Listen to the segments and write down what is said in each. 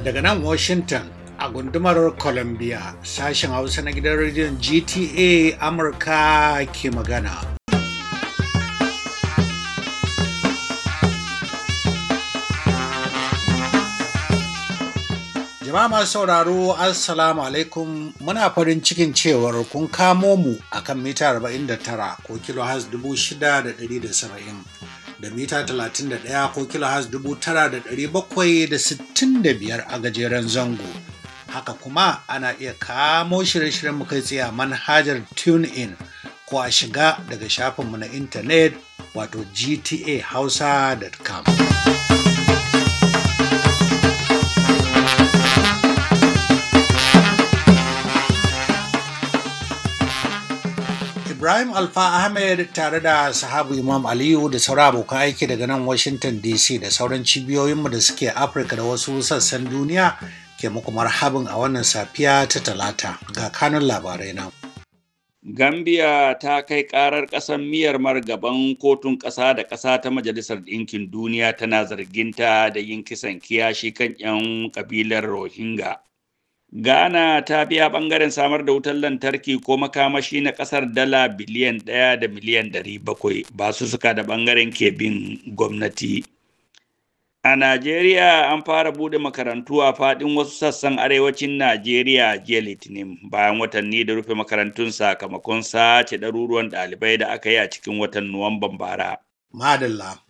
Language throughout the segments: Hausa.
Daga nan Washington a gundumar Columbia sashen Hausa na gidan rediyon GTA Amurka ke magana. Jama'a masu sauraro Assalamu alaikum muna farin cikin cewar kun kamo mu a kan mita 49 ko kilohaz 6,170 da mita 31 ko kilohaz 9,765 a gajeren zango. Haka kuma ana iya kamo shirye-shiryen mu kai tsaye manhajar in ko a shiga daga shafinmu na intanet wato gtahausa.com. Ibrahim Alfa Ahmed tare da sahabu Imam Aliyu da sauran abokan aiki daga nan Washington DC da sauran cibiyoyinmu da suke Afirka da wasu sassan duniya ke muku marhabin a wannan safiya ta talata ga kanun labarai na. Gambia ta kai karar ƙasar miyar margaban kotun ƙasa da ƙasa ta Majalisar Ɗinkin Duniya tana zarginta da yin kisan kiyashi kan 'yan ƙabilar Rohingya. Ghana ta biya bangaren samar da wutar lantarki ko makamashi na kasar dala biliyan ɗaya da miliyan ɗari bakwai ba su suka da bangaren kebin gwamnati. A Najeriya an fara buɗe makarantu a faɗin wasu sassan arewacin Najeriya jiya Litinin bayan watanni da rufe makarantun sakamakon sace ɗaruruwan ɗalibai da aka yi a cikin watan Nuwamban bara. Madalla.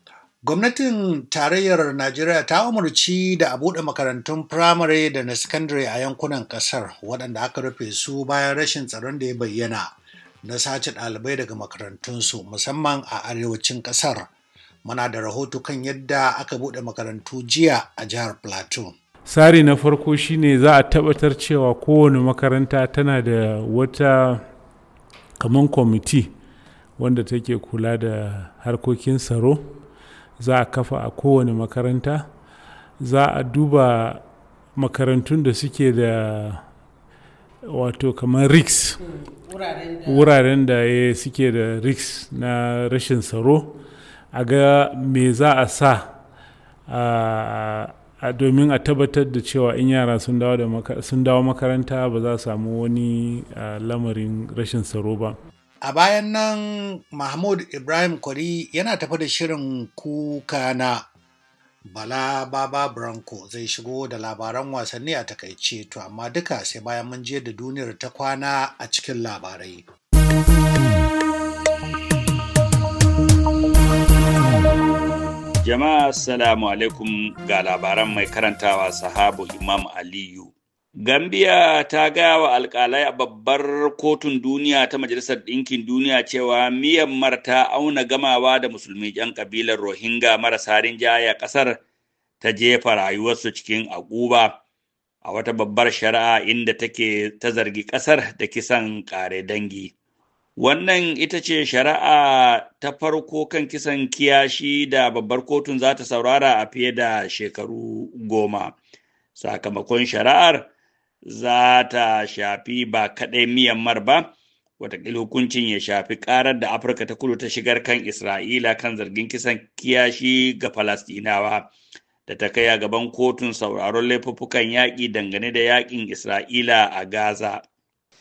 Gwamnatin tarayyar Najeriya ta umarci da a buɗe makarantun firamare da na sakandare a yankunan ƙasar waɗanda aka rufe su bayan rashin tsaron da ya bayyana na sace ɗalibai daga makarantunsu musamman a arewacin ƙasar. Muna da rahoto kan yadda aka buɗe makarantu jiya a jihar Plateau. Tsari na farko shine za a tabbatar cewa kowane makaranta tana da wata kaman kwamiti wanda take kula da harkokin tsaro. za a kafa a kowane makaranta za a duba makarantun da suke da wato kamar riks wuraren da ya eh, suke da riks na rashin tsaro a ga me za a sa a domin a tabbatar da cewa in yara sun dawo makaranta ba za a samu wani lamarin rashin tsaro ba A bayan nan Mahmud Ibrahim Kwari yana tafi da shirin kuka na Bala Baba Branko zai shigo da labaran wasanni a takaice to amma duka sai bayan mun je da duniyar ta kwana a cikin labarai. Jama'a Assalamu alaikum ga labaran mai karantawa sahabu Imam Aliyu. Gambia ta gaya wa alkalai a babbar kotun duniya ta Majalisar Ɗinkin Duniya cewa Myanmar ta auna gamawa da musulmi 'yan ƙabilar Rohingya marasa a ƙasar ta jefa rayuwarsu cikin aguba a wata babbar shari'a inda take ta zargi ƙasar da kisan ƙare dangi. Wannan ita ce shari'a ta farko kan kisan kiyashi da babbar kotun za ta saurara a fiye da shekaru goma. Sakamakon shari'ar za ta shafi ba kaɗai Myanmar ba, watakila hukuncin ya shafi ƙarar da Afirka ta kudu ta shigar kan Isra'ila kan zargin kisan kiyashi ga Falastinawa da ta kai a gaban kotun sauraron laifuffukan yaƙi dangane da yaƙin Isra'ila a Gaza.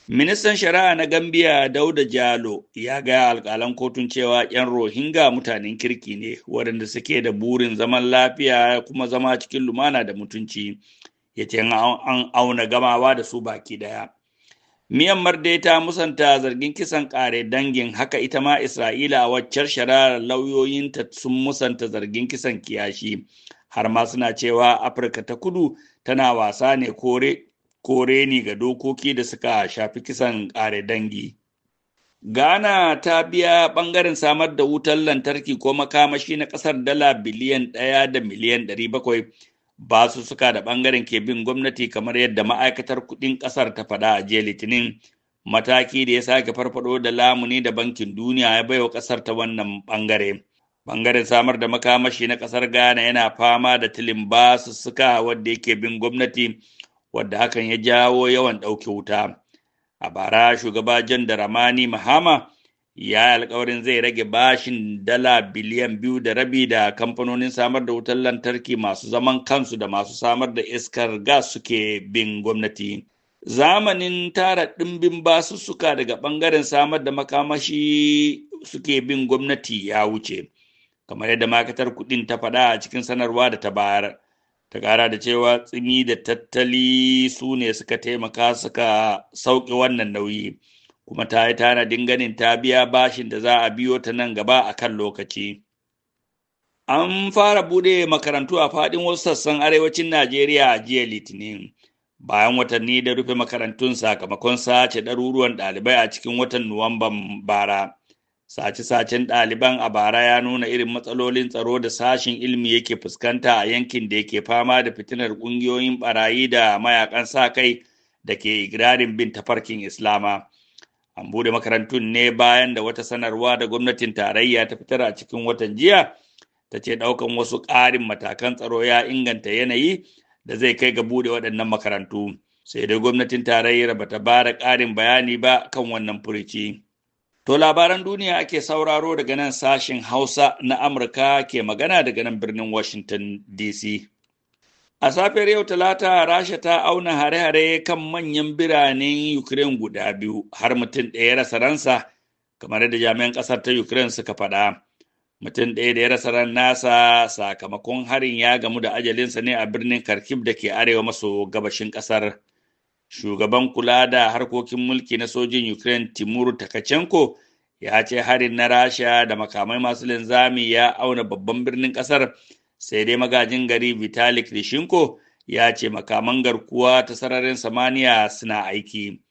Ministan Shari'a na Gambiya Dauda Jalo ya ga alƙalan kotun cewa 'yan Rohingya mutanen kirki ne waɗanda suke da burin zaman lafiya kuma zama cikin lumana da mutunci. ya ce an auna gamawa da su baki daya Myanmar dai ta musanta zargin kisan kare dangin haka ita ma Isra'ila a waccar shararar ta sun musanta zargin kisan kiyashi har ma suna cewa Afirka ta kudu tana wasa ne kore kore ni ga dokoki da suka shafi kisan kare dangi. Ghana ta biya bangaren samar da wutar lantarki ko makamashi na ƙasar dala biliyan ɗaya da miliyan ɗari Ba su suka da bangaren ke bin gwamnati kamar yadda ma'aikatar kudin kasar ta faɗa a jiya litinin mataki da ya sake farfado da lamuni da bankin duniya ya baiwa kasar ta wannan bangare bangaren samar da makamashi na kasar ghana yana fama da tilin ba su suka wadda yake bin gwamnati wadda hakan ya jawo yawan ɗauke wuta a bara shugaba jan da ramani mahama ya alkawarin zai rage bashin dala biliyan biyu da rabi da kamfanonin samar da wutar lantarki masu zaman kansu da masu samar da iskar gas suke bin gwamnati. Zamanin tara ɗimbin basussuka daga ɓangaren samar da makamashi suke bin gwamnati ya wuce, kamar yadda makatar kuɗin ta faɗa a cikin sanarwa da ta bayar. Ta ƙara da cewa tsimi da tattali su ne suka taimaka suka sauƙi wannan nauyi. kuma ta yi tanadin ganin ta biya bashin da za a biyo ta nan gaba a kan lokaci. An fara buɗe makarantu a faɗin wasu sassan arewacin Najeriya a jiya Litinin, bayan watanni da rufe makarantun sakamakon sace ɗaruruwan ɗalibai a cikin watan Nuwamban bara. Sace-sacen ɗaliban a bara ya nuna irin matsalolin tsaro da sashin ilmi yake fuskanta a yankin da yake fama da fitinar ƙungiyoyin ɓarayi da mayakan sa kai da ke igirarin bin tafarkin Islama. An bude makarantun ne bayan da wata sanarwa da gwamnatin tarayya ta fitar a cikin watan jiya ta ce ɗaukan wasu ƙarin matakan tsaro ya inganta yanayi da zai kai ga bude waɗannan makarantu. Sai dai gwamnatin tarayyar ba ta ba ƙarin bayani ba kan wannan furici. To labaran duniya ake sauraro daga nan sashen Hausa na Amurka ke magana daga nan birnin Washington DC. A safiyar yau Talata, Rasha ta auna hare-hare kan manyan biranen Ukraine guda biyu har mutum ɗaya ya rasa ransa, kamar da jami'an ƙasar ta Ukraine suka faɗa. Mutum ɗaya da ya rasa ran nasa sakamakon harin ya gamu da ajalinsa ne a birnin Kharkiv da ke arewa maso gabashin ƙasar. Shugaban kula da harkokin mulki na sojin Ukraine Timur Takachenko ya ce harin na Rasha da makamai masu linzami ya auna babban birnin ƙasar. sai dai magajin gari vitalik rishinko ya ce makaman garkuwa ta sararin samaniya suna aiki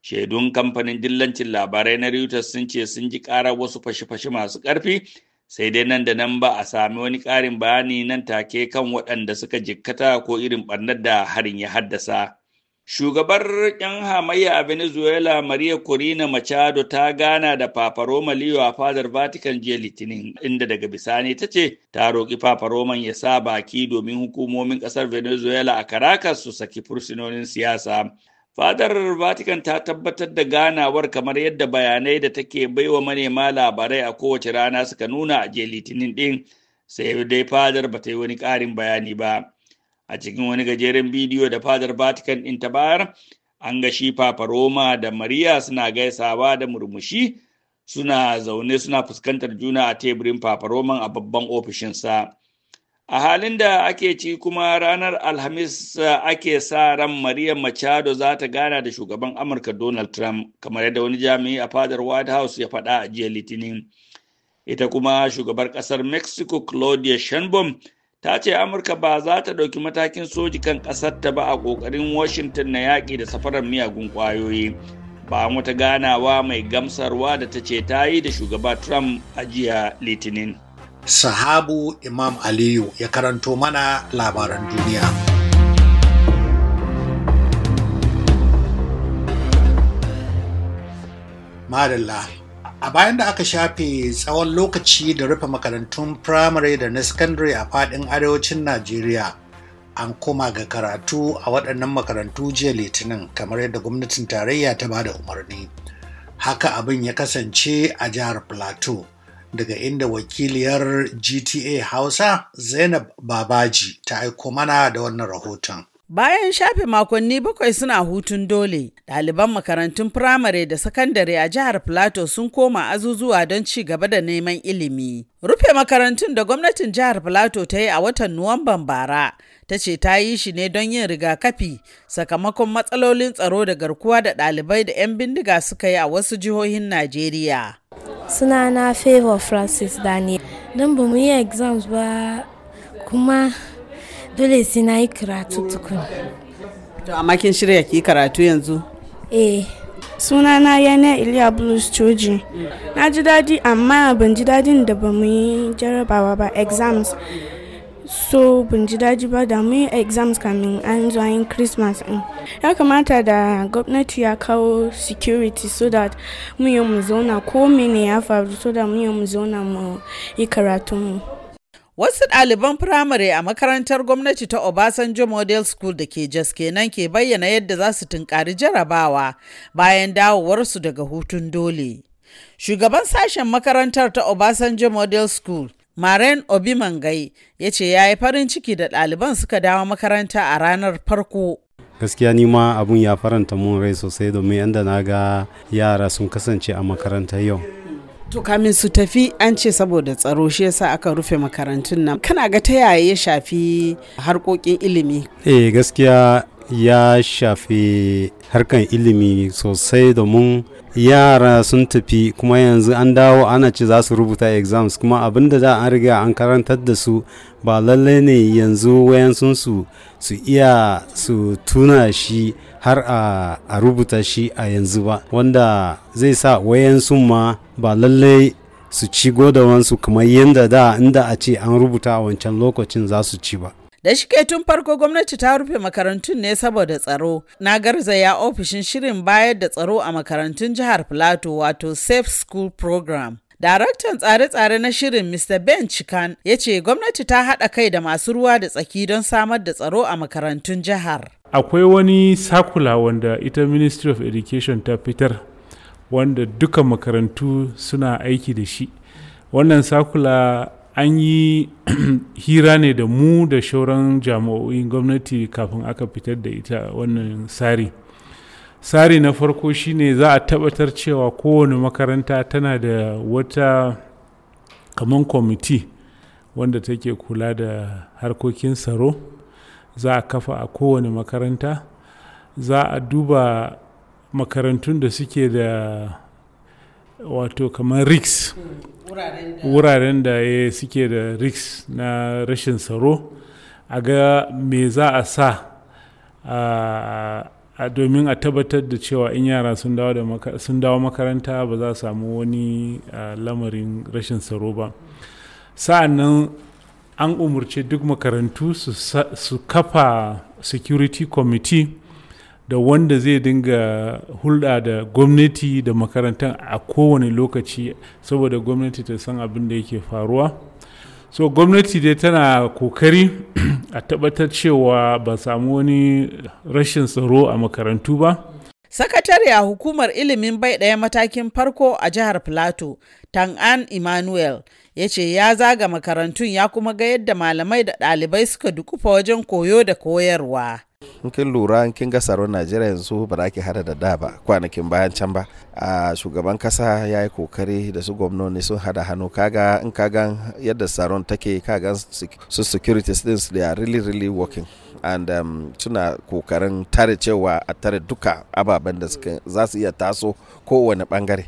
shaidun kamfanin dillancin labarai na reuters sun ce sun ji ƙarar wasu fashe-fashe masu ƙarfi sai dai nan da nan ba a sami wani ƙarin bayani nan take kan waɗanda suka jikkata ko irin ɓarnar da harin ya haddasa. Shugabar 'yan hamayya a Venezuela Maria Corina Machado ta gana da Papa Roma Leo a fadar Vatican jiya Litinin inda daga bisani ta ce ta roƙi Papa Roman ya sa baki domin hukumomin ƙasar Venezuela a Caracas su saki fursunonin siyasa. Fadar Vatican ta tabbatar da ganawar kamar yadda bayanai da take baiwa manema labarai a kowace rana suka nuna a jiya Litinin ɗin sai dai fadar ba ta yi wani ƙarin bayani ba. a cikin wani gajeren bidiyo da fadar vatican ɗin ta bayar an ga shi papa roma da maria suna gaisawa da murmushi suna zaune suna fuskantar juna a teburin papa roman a babban ofishinsa a halin da ake ci kuma ranar alhamis eh, ake sa ran maria machado za ta gana da shugaban amurka donald trump kamar yadda wani jami'i a fadar white house ya faɗa a jiya litinin ita kuma shugabar ƙasar mexico claudia sheinbaum ta ce amurka ba za ta ɗauki matakin soji kan ƙasarta ba a ƙoƙarin washington na yaƙi da safarar miyagun ƙwayoyi ba wata ganawa mai gamsarwa da ta ce ta yi da shugaba trump a jiya litinin sahabu imam aliyu ya karanto mana labaran duniya madalla a bayan da aka shafe tsawon lokaci da rufe makarantun firamare da na sakandare a fadin arewacin najeriya an koma ga karatu a waɗannan makarantu jiya litinin kamar yadda gwamnatin tarayya ta ba da umarni haka abin ya kasance a jihar plateau daga inda wakiliyar gta hausa zainab babaji ta aiko mana da wannan rahoton Bayan shafe makonni bakwai suna hutun dole, ɗaliban makarantun firamare da sakandare a jihar Plateau sun koma azuzuwa don ci gaba da neman ilimi. Rufe makarantun da gwamnatin jihar Plateau ta yi a watan Nuwamban bara, ta ce ta yi shi ne don yin rigakafi sakamakon matsalolin tsaro da garkuwa da ɗalibai da 'yan bindiga suka yi a wasu jihohin Najeriya. Sunana Favor Francis Daniel. Don ba mu yi exams ba kuma dole sai na yi karatu tukun to amma kin shirya ki karatu yanzu eh sunana yana iliya blues coji na ji daɗi amma ban ji daɗin da ba mu yi jarabawa ba exams so ban ji ba da mu yi exams kamin an zuwa yin christmas din ya kamata da gwamnati ya kawo security so that mu yi mu zauna ko mene ya faru so that mu yi mu zauna mu yi karatunmu Wasu ɗaliban firamare a makarantar gwamnati ta Obasanjo Model School da ke Jos kenan ke bayyana yadda za su tunkari jarabawa bayan dawowarsu daga hutun dole. Shugaban sashen makarantar ta Obasanjo Model School, Maren obimangai ya ce ya yi farin ciki da ɗaliban suka dawo makaranta a ranar farko. gaskiya ni ma abun ya faranta mun rai sosai domin yadda na ga yara sun kasance a makaranta yau To kamin su tafi an ce saboda tsaro shi yasa aka rufe makarantun nan. Kana ga ta yaya ya shafi harkokin ilimi? Eh gaskiya ya shafi harkan ilimi sosai domin yara sun tafi kuma yanzu an dawo ana ce za su rubuta exams kuma abin da za an riga an karantar da su ba lallai ne yanzu sun su iya su tuna shi har a, rubuta shi a yanzu ba wanda zai sa wayansun ma ba lallai su ci godawansu kamar yadda da inda a ce an rubuta a wancan lokacin za su ci ba Da shi ke tun farko gwamnati ta rufe makarantun ne saboda tsaro. Na garzaya ofishin shirin bayar da tsaro a makarantun jihar Filato wato Safe School Program. Daraktan tsare-tsare na shirin Mr. Ben Chikan ya ce gwamnati ta haɗa kai da masu ruwa da tsaki don samar da tsaro a makarantun jihar. Akwai wani sakula wanda ita Ministry of Education ta fitar wanda duka makarantu suna aiki da shi. Wannan sakula an yi hira ne da mu da shauran jami'o'in gwamnati kafin aka fitar da ita wannan tsari tsari na farko shine za a tabbatar cewa kowane makaranta tana da wata kamar kwamiti wanda take kula da harkokin tsaro za a kafa a kowane makaranta za a duba makarantun da suke da wato kamar risk wuraren da ya eh, suke da risk na rashin tsaro a ga me za a sa a domin a tabbatar da cewa in yara sun dawo makaranta ba za su samu wani lamarin rashin tsaro ba sa'annan an umarci duk makarantu su kafa security committee da wanda zai dinga hulɗa da gwamnati da makarantar a kowane lokaci saboda gwamnati ta san abin da yake faruwa so gwamnati dai tana kokari a tabbatar cewa ba samu wani rashin tsaro a makarantu ba sakatare a hukumar ilimin bai ɗaya matakin farko a jihar plateau tan'an emmanuel ya ce ya zaga makarantun ya kuma ga yadda malamai da ɗalibai suka dukufa wajen koyo da koyarwa in kin lura in kin ga tsaron najeriya yanzu ba za ki hada da da ba kwanakin bayan can ba a shugaban kasa ya yi kokari da su gwamnoni sun hada hannu kaga in gan yadda tsaron take kaga su securities din they are really really working and um, suna kokarin tare cewa a tare duka ababen da za su iya taso kowane bangare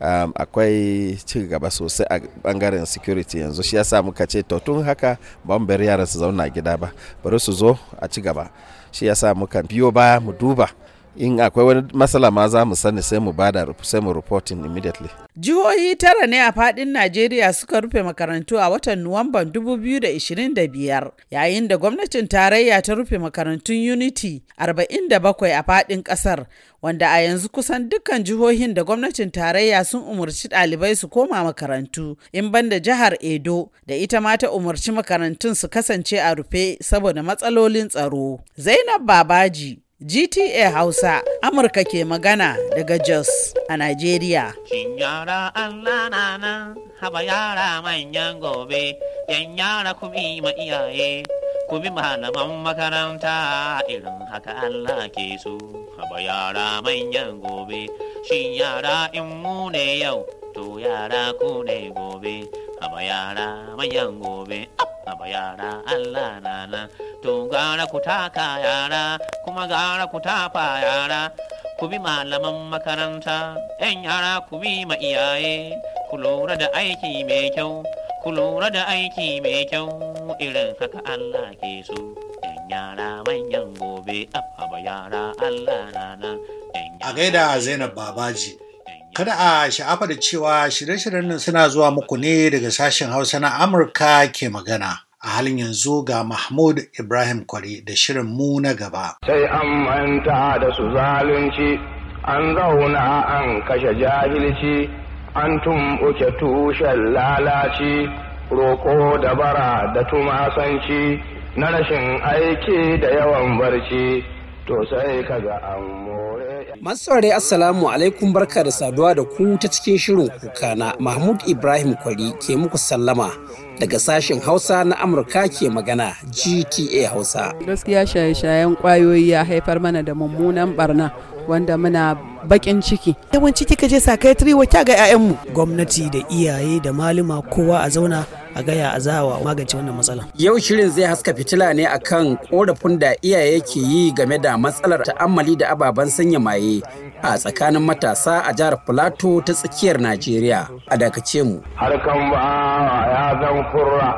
um, akwai ci gaba sosai a bangaren security yanzu shi yasa muka ce to tun haka ban bari yaran su zauna gida ba bari su zo a ci gaba shi yasa muka biyo baya mu duba in akwai wani matsala ma za mu sani sai mu bada sai mu reporting immediately. Jihohi tara ne a fadin Najeriya suka rufe makarantu a watan Nuwamban 2025 yayin da gwamnatin tarayya ta rufe makarantun Unity 47 a fadin kasar wanda a yanzu kusan dukkan jihohin da gwamnatin tarayya sun umarci ɗalibai su koma makarantu in banda jihar Edo da ita ma ta umarci makarantun su kasance a rufe saboda matsalolin tsaro. Zainab Babaji GTA Hausa Amurka ke magana daga Jos a Najeriya. Shin yara Allah na nan haba yara manyan gobe, yan yara ku bi ma iyaye, ku bi malaman makaranta irin haka Allah ke so. Haba yara manyan gobe, shin yara in mu ne yau, to yara ku ne gobe. aba yara manyan gobe aba yara Allah nana to gara kutaka yara kuma gara kutafa yara ku bi malaman makaranta 'yan yara ku ma iyaye ku lura da aiki mai kyau ku lura da aiki mai kyau irin haka Allah ke so yan yara manyan gobe Allah nana a gaida Zainab Babaji Kada a sha'afa da cewa shirye-shiryen nan suna zuwa muku ne daga sashen Hausa na Amurka ke magana. A halin yanzu ga Mahmud Ibrahim Kwari da shirin mu na gaba. Sai an manta da su zalunci, an zauna an kashe jahilci, an tumɓuke tushen lalaci, roƙo da bara da tumasanci, na rashin aiki da yawan barci, to sai ka ga an Masu saurari Assalamu alaikum barka da saduwa da ku ta cikin shirin kuka na Mahmud Ibrahim Kwari ke muku sallama daga sashen Hausa na Amurka ke magana GTA Hausa. Gaskiya shaye-shayen kwayoyi ya haifar mana da mummunan barna wanda muna bakin ciki. Yawanci kika je sakayatri wa ga 'ya'yanmu. Gwamnati da iyaye da malama kowa a zauna a gaya a zawa magance wannan matsala. Yau shirin zai haska fitila ne akan korafin da iyaye ke yi game da matsalar ta'ammali da ababen sanya maye a tsakanin matasa a jihar Filato ta tsakiyar Najeriya. A dakace mu. Harkan ba ya zan kurra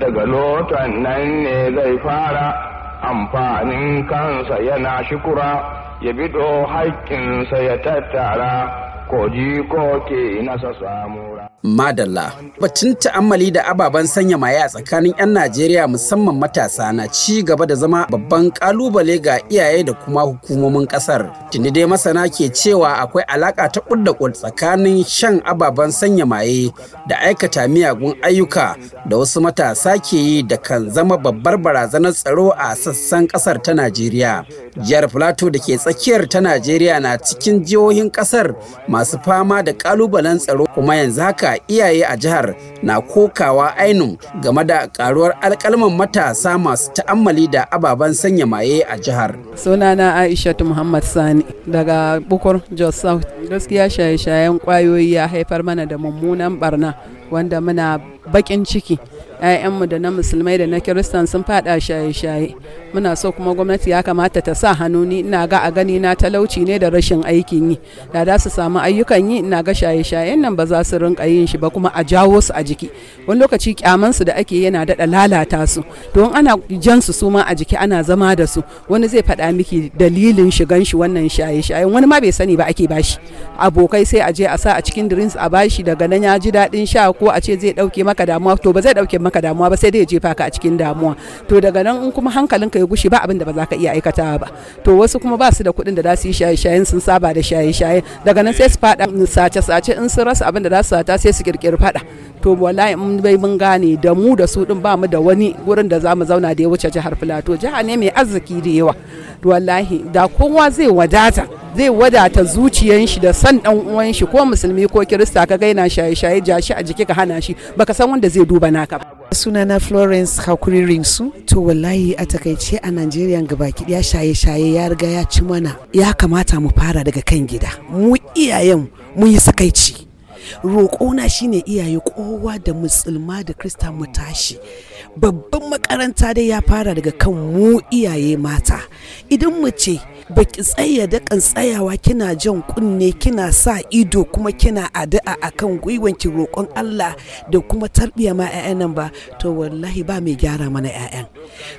daga lotan nan ne zai fara amfanin kansa yana shikura ya bido haƙƙinsa ya tattara ko ji ko ke nasa samura. Madalla. Batun ta'ammali da ababen sanya maye a tsakanin 'yan Najeriya musamman matasa na ci gaba da zama babban kalubale ga iyaye da kuma hukumomin kasar. Tuni dai masana ke cewa akwai alaka ta kudda tsakanin shan ababen sanya maye da aikata miyagun ayyuka da wasu matasa ke yi da kan zama babbar barazanar tsaro a sassan kasar ta Najeriya. Jihar plateau da ke tsakiyar ta Najeriya na cikin jihohin kasar masu fama da kalubalen tsaro kuma yanzu haka iyaye a jihar na kokawa ainun game da karuwar alkalman matasa masu ta'ammali da ababen sanya maye a jihar. Sunana Aishatu Muhammad Sani daga Bukur Jos South. Gaskiya shaye-shayen kwayoyi ya haifar mana da mummunan barna wanda muna bakin ciki ƴaƴanmu da na musulmai da na kiristan sun fada shaye-shaye muna so kuma gwamnati ya kamata ta sa hannu ni ina ga a gani na talauci ne da rashin aikin yi da za su samu ayyukan yi ina ga shaye-shayen nan ba za su rinka yin shi ba kuma a jawo su a jiki wani lokaci kyaman su da ake yana daɗa lalata su don ana jan su ma a jiki ana zama da su wani zai faɗa miki dalilin shigan shi wannan shaye-shayen wani ma bai sani ba ake bashi abokai sai a je a sa a cikin drinks a bashi daga nan ya ji daɗin sha ko a ce zai ɗauke maka damuwa to ba zai ɗauke maka maka damuwa ba sai dai ya jefa ka a cikin damuwa to daga nan in kuma ka ya gushe ba abin da ba za ka iya aikatawa ba to wasu kuma ba su da kuɗin da za su yi shaye-shayen sun saba da shaye-shaye daga nan sai su faɗa sace-sace in sun rasa abin da za su sata sai su kirkiri faɗa to wallahi in bai mun gane da mu da su din ba mu da wani gurin da za mu zauna da ya wuce jihar Filato jiha ne mai arziki da yawa wallahi da kowa zai wadata zai wadata zuciyan shi da san dan uwan shi ko musulmi ko kirista ka gaina shaye-shaye jashi a jiki ka hana shi baka san wanda zai duba naka ba sunana florence hakuri rinsu to wallahi a takaice a najeriya gabaki ya shaye-shaye ya riga ya ci mana ya kamata mu fara daga kan gida mu iyayen mu yi sakaici roƙona shine iyaye kowa da musulma da krista mu tashi babban makaranta dai ya fara daga kan mu iyaye mata idan mu ce baki tsaya dakan tsayawa kina jan kunne kina sa ido kuma kina addu'a akan gwiwanki roƙon Allah da kuma tarbiya ma 'ya'yan nan ba to wallahi ba mai gyara mana 'ya'yan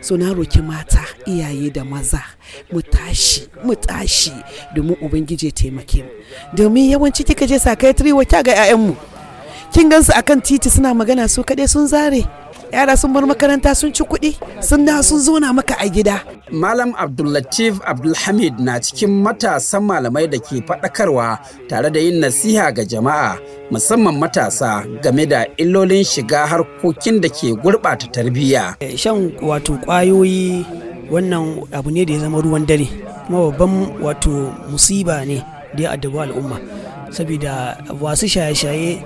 so na roki mata iyaye da maza mu tashi mu tashi domin ubangiji taimake mu domin yawanci kika je sakayatri wa ga 'ya'yan mu kin gansu akan titi suna magana su kaɗai sun zare yara sun bar makaranta sun ci kuɗi sun da sun zauna maka a gida malam abdullatif abdulhamid na cikin matasan malamai da ke faɗakarwa tare da yin nasiha ga jama'a musamman matasa game da illolin shiga harkokin da ke gurɓata tarbiyya shan wato ƙwayoyi wannan abu ne da ya zama ruwan dare kuma babban wato musiba ne da ya addabi al'umma saboda wasu shaye-shaye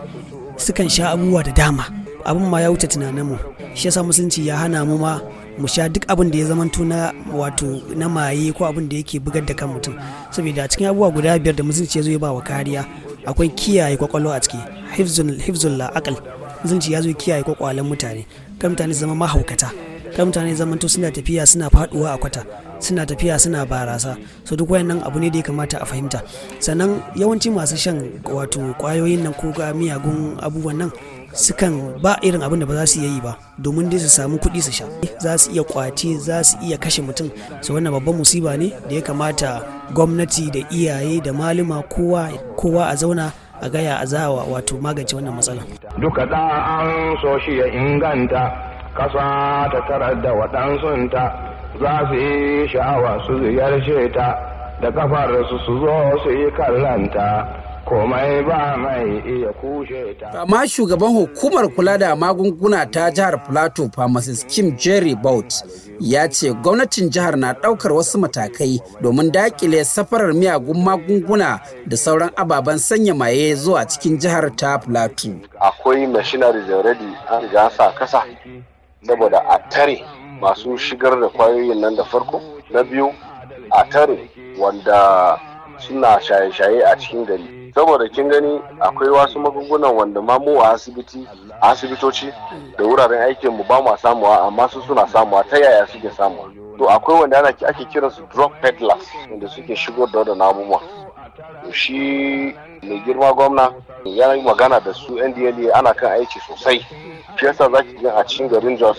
sukan sha abubuwa da dama abin ma ya wuce tunaninmu shi yasa musulunci ya hana mu ma mu sha duk abin da ya zama na wato na maye ko abin da yake bugar da kan mutum saboda cikin abubuwa guda biyar da musulunci ya zo ya ba kariya akwai kiyaye kwakwalwa a ciki hifzul la'akal musulunci ya zo kiyaye kwakwalen mutane kan mutane zama mahaukata kan mutane to suna tafiya suna faduwa a kwata suna tafiya suna barasa so duk wayannan abu ne da ya kamata a fahimta sannan yawanci masu shan wato kwayoyin nan ko ga miyagun abubuwan nan sukan ba irin abin da ba za su yi ba domin dai su samu kuɗi su sha za su iya kwace za su iya kashe mutum su wannan babban musiba ne da ya kamata gwamnati da iyaye da malama kowa a zauna a gaya a zawa wato magance wannan matsala duka da an so shi ya inganta kasa ta tarar da waɗansunta za su yi sha'awa su ziyarce ta da kafar su su zo su yi kallanta komai ba mai iya kushe ta. Amma shugaban hukumar kula da magunguna ta jihar Plateau pharmacist Kim Jerry Bout ya ce gwamnatin jihar na ɗaukar wasu matakai domin dakile safarar miyagun magunguna da sauran ababen sanya maye zuwa cikin jihar ta Plateau. Akwai machineries already an riga sa kasa saboda a tare masu shigar da kwayoyin nan da farko na biyu a tare wanda suna shaye-shaye a cikin gari saboda kin gani akwai wasu magungunan wanda ma mu a asibiti asibitoci da wuraren aikin mu ba mu samuwa amma su suna samuwa ta yaya suke samuwa to akwai wanda ana ake kiran su drug peddlers wanda suke shigo da wadannan abubuwa to shi mai girma gwamna ya yi magana da su ndla ana kan aiki sosai Fiyasa za ki a cikin garin jos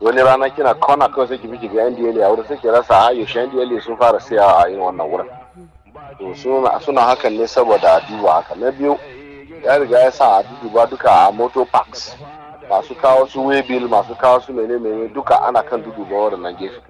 wani rana kina kona kawai sai ki fi ki ga ndla a wurin sai ki rasa a yaushe ndla sun fara siya a yin wannan wurin to suna hakan ne saboda duba haka na biyu ya riga ya sa a duba duka a moto parks masu kawo su webil masu kawo su mene mene duka ana kan duduba waɗannan gefe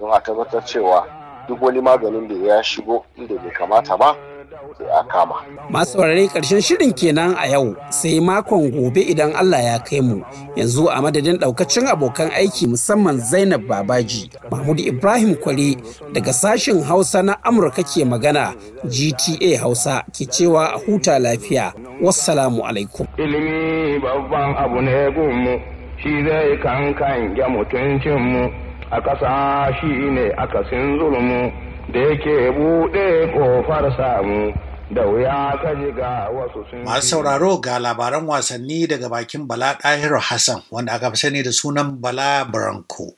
don a tabbatar cewa duk wani maganin da ya shigo inda bai kamata ba sai a Masu saurare ƙarshen shirin kenan a yau sai makon gobe idan Allah ya kai mu yanzu a madadin ɗaukacin abokan aiki musamman Zainab Babaji, Mahmud Ibrahim Kwale daga sashen Hausa na Amurka ke magana GTA Hausa ke cewa a huta lafiya. Wassalamu alaikum. Ilimi babban abu ne gunmu shi zai kankan ya mutuncinmu a ƙasa shi ne akasin zulmu. da yake buɗe ƙofar samu da wuya ka ji ga wasu sun Masu sauraro ga labaran wasanni daga bakin Bala Ɗahiru Hassan wanda aka fi sani da sunan Bala Branko.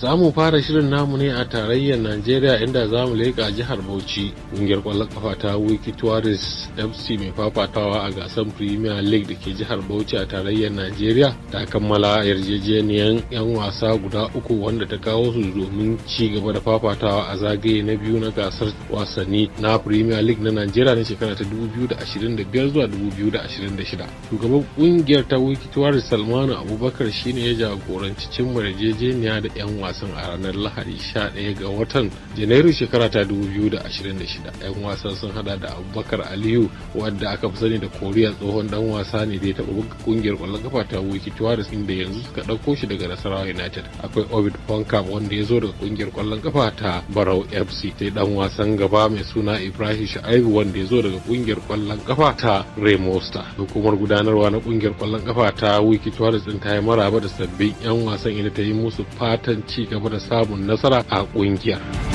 Za mu fara shirin namu ne a tarayyar Najeriya inda za mu leƙa jihar Bauchi. Ƙungiyar ƙwallon ƙafa ta Wiki FC mai fafatawa a gasar Premier League da ke jihar Bauchi a tarayyar Najeriya ta kammala yarjejeniyar 'yan wasa guda uku wanda ta kawo su domin ci gaba da fafatawa a zagaye na biyu na gasar wasanni na Premier League na Najeriya na shekara ta 2025 zuwa 2026. Shugaban ƙungiyar ta Wiki Salmanu Abubakar shine ya jagoranci cimma yarjejeniya da 'yan wasa. wasan a ranar lahadi 11 ga watan janairu shekara ta 2026 'yan wasan sun hada da abubakar aliyu wadda aka fi sani da koriya tsohon dan wasa ne da ya taɓa buga kungiyar kwallon kafa ta wiki tuwaris inda yanzu suka ɗauko shi daga nasarawa united akwai ovid ponkam wanda ya zo daga kungiyar kwallon kafa ta barau fc sai dan wasan gaba mai suna ibrahim sha'aibu wanda ya zo daga kungiyar kwallon kafa ta remosta hukumar gudanarwa na kungiyar kwallon kafa ta wiki tuwaris din ta yi maraba da sabbin 'yan wasan inda ta yi musu fatan ci gaba da samun nasara a ƙungiyar.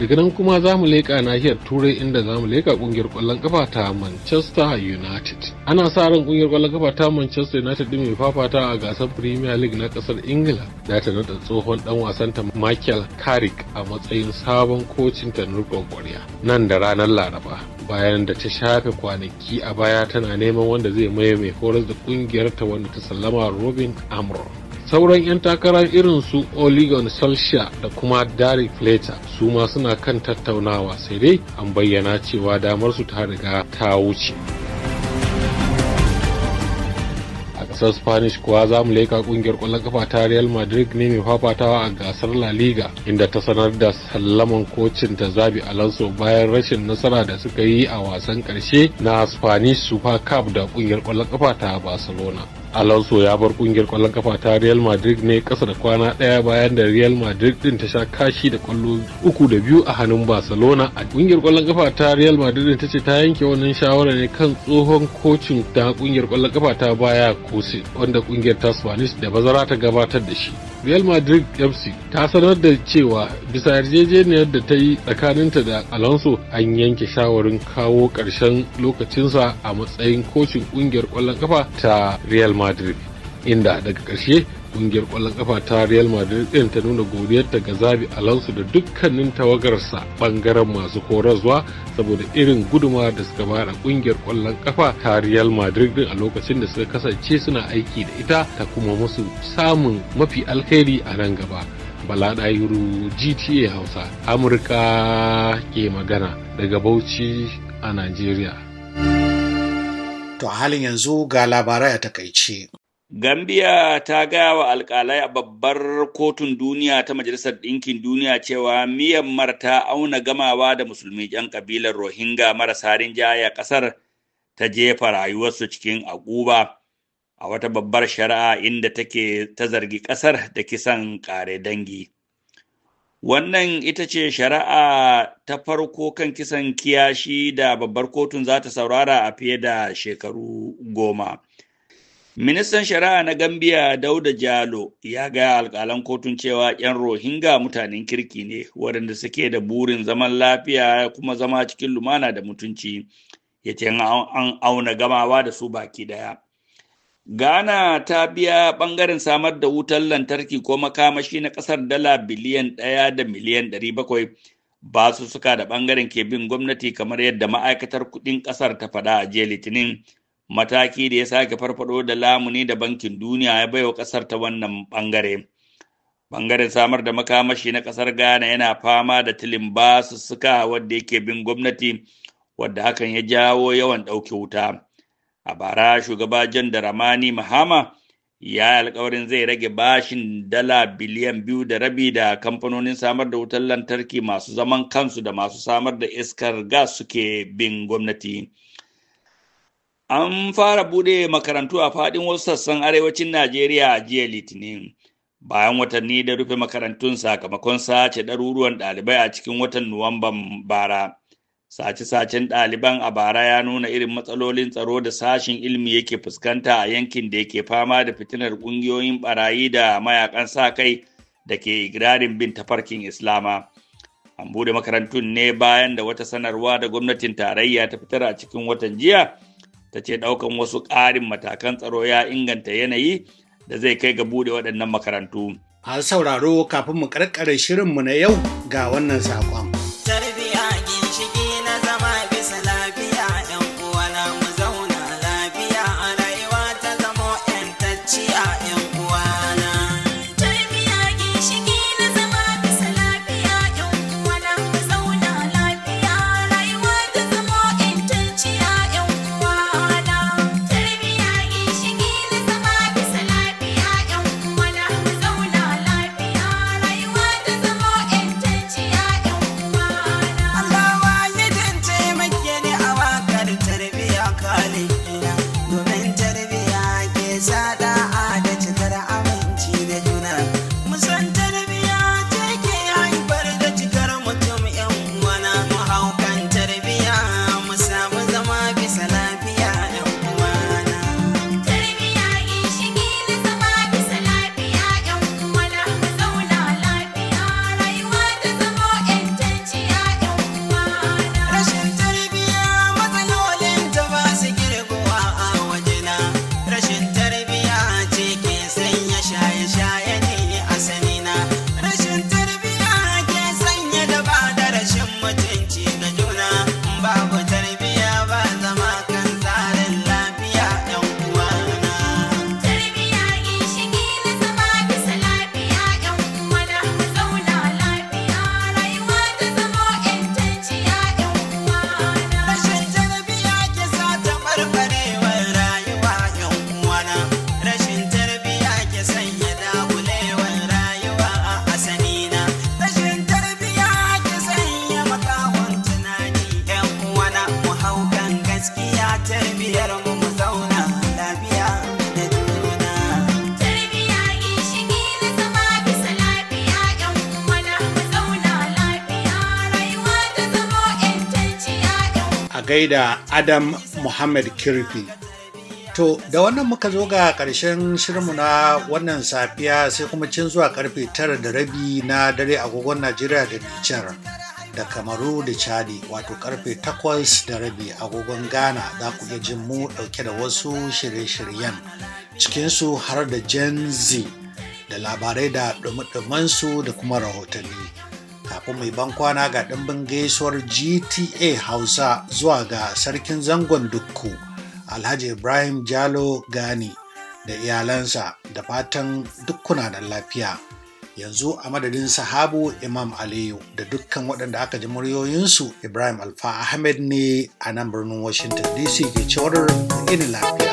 daga nan kuma za mu leƙa nahiyar turai inda za mu leƙa ƙungiyar ƙwallon kafa ta manchester united ana sa ran ƙungiyar ƙwallon kafa ta manchester united din mai fafata a gasar premier league na ƙasar ingila za ta nada tsohon dan wasan ta michael carrick a matsayin sabon kocin ta nurkon ƙwarya nan da ranar laraba bayan da ta shafe kwanaki a baya tana neman wanda zai maye mai horas da ƙungiyar ta wanda ta sallama robin amro sauran 'yan takara irin su oligon solskjaer da kuma derek fletcher su ma suna kan tattaunawa sai dai an bayyana cewa damar su ta riga ta wuce ƙasar spanish kuwa za mu leka kungiyar kwallon kafa ta real madrid ne mai fafatawa a gasar la liga inda ta sanar da sallaman kocin ta zabi alonso bayan rashin nasara da suka yi a wasan ƙarshe na spanish super cup da kungiyar kwallon kafa ta barcelona alonso ya bar kungiyar kwallon kafa ta real madrid ne kasa da kwana daya bayan da real madrid din ta sha kashi da kwallo uku da biyu a hannun barcelona a kungiyar kwallon kafa ta real madrid din ta ce ta yanke wannan shawara ne kan tsohon kocin ta kungiyar kwallon kafa ta baya kosi wanda kungiyar ta spanish da bazara ta gabatar da shi real madrid fc ta sanar da cewa bisa yarjejeniyar da ta yi tsakaninta da alonso an yanke shawarin kawo ƙarshen lokacinsa a matsayin kocin ƙungiyar ƙwallon kafa ta real madrid inda daga ƙarshe kungiyar kwallon kafa ta real madrid din ta nuna godiyarta ga zabi alonso da dukkanin tawagarsa bangaren masu horarwa saboda irin guduma da suka bada kungiyar kwallon kafa ta real madrid din a lokacin da suka kasance suna aiki da ita ta kuma musu samun mafi alheri a nan gaba bala ɗayuru gta hausa amurka ke magana daga bauchi a nigeria to halin yanzu ga labarai a takaice Gambia ta gaya wa alkalai a babbar kotun duniya ta Majalisar Ɗinkin Duniya cewa Myanmar ta auna gamawa da musulmi 'yan ƙabilar Rohingya marasa a ƙasar ta jefa rayuwarsu cikin aguba a wata babbar shari'a inda take ta zargi ƙasar da kisan ƙare dangi. Wannan ita ce shari'a ta farko kan kisan kiyashi da babbar kotun za ta saurara a fiye da shekaru goma. Ministan Shari'a na Gambia Dauda Jalo ya gaya alƙalan kotun cewa 'yan Rohingya mutanen kirki ne waɗanda suke da burin zaman lafiya kuma zama cikin lumana da mutunci ya ce an auna gamawa da su baki ɗaya. Ghana ta biya ɓangaren samar da wutar lantarki ko makamashi na ƙasar dala biliyan ɗaya da miliyan ɗari bakwai ba su suka da ɓangaren ke bin gwamnati kamar yadda ma'aikatar kuɗin ƙasar ta faɗa a jiya Litinin. mataki da ya sake farfado da lamuni da bankin duniya ya baiwa kasar ta wannan bangare bangaren samar da makamashi na kasar ghana yana fama da tilin basussuka wadda yake bin gwamnati wadda hakan ya jawo yawan ɗauke wuta a bara shugaba jan da ramani mahama ya alkawarin zai rage bashin dala biliyan biyu da rabi da kamfanonin samar da wutar lantarki masu zaman kansu da masu samar da iskar gas suke bin gwamnati An fara buɗe makarantu a faɗin wasu sassan arewacin Najeriya a jiya Litinin. Bayan watanni da rufe makarantun sakamakon sace ɗaruruwan ɗalibai a cikin watan Nuwamban bara. Sace-sacen ɗaliban a bara ya nuna irin matsalolin tsaro da sashin ilmi yake fuskanta a yankin da yake fama da fitinar ƙungiyoyin barayi da mayakan sa kai da ke igirarin bin tafarkin Islama. An buɗe makarantun ne bayan da wata sanarwa da gwamnatin tarayya ta fitar a cikin watan jiya. ta ce ɗaukan wasu ƙarin matakan tsaro ya inganta yanayi da zai kai ga buɗe waɗannan makarantu. A sauraro kafin mu ƙarƙare shirinmu na yau ga wannan saƙon. da Adam Muhammad Kirfi. To, da wannan muka zo ga ƙarshen shirinmu na wannan safiya sai kuma cin zuwa karfe tara da rabi na dare agogon Najeriya da Nijar da Kamaru da Chadi wato karfe takwas da rabi agogon Ghana za ku iya jin mu ɗauke da wasu shirye-shiryen cikinsu har da Gen Z da labarai da ɗumi-ɗumansu da kuma rahotanni. kafin mai ban kwana ga ɗimbin gaisuwar GTA Hausa zuwa ga sarkin zangon dukku Alhaji Ibrahim Jalo Gani da iyalansa da fatan dukkuna da lafiya. Yanzu a madadin sahabu Imam Aliyu da dukkan waɗanda aka ji muryoyinsu Ibrahim Alfa Ahmed ne a nan birnin Washington DC ke cewar ini lafiya.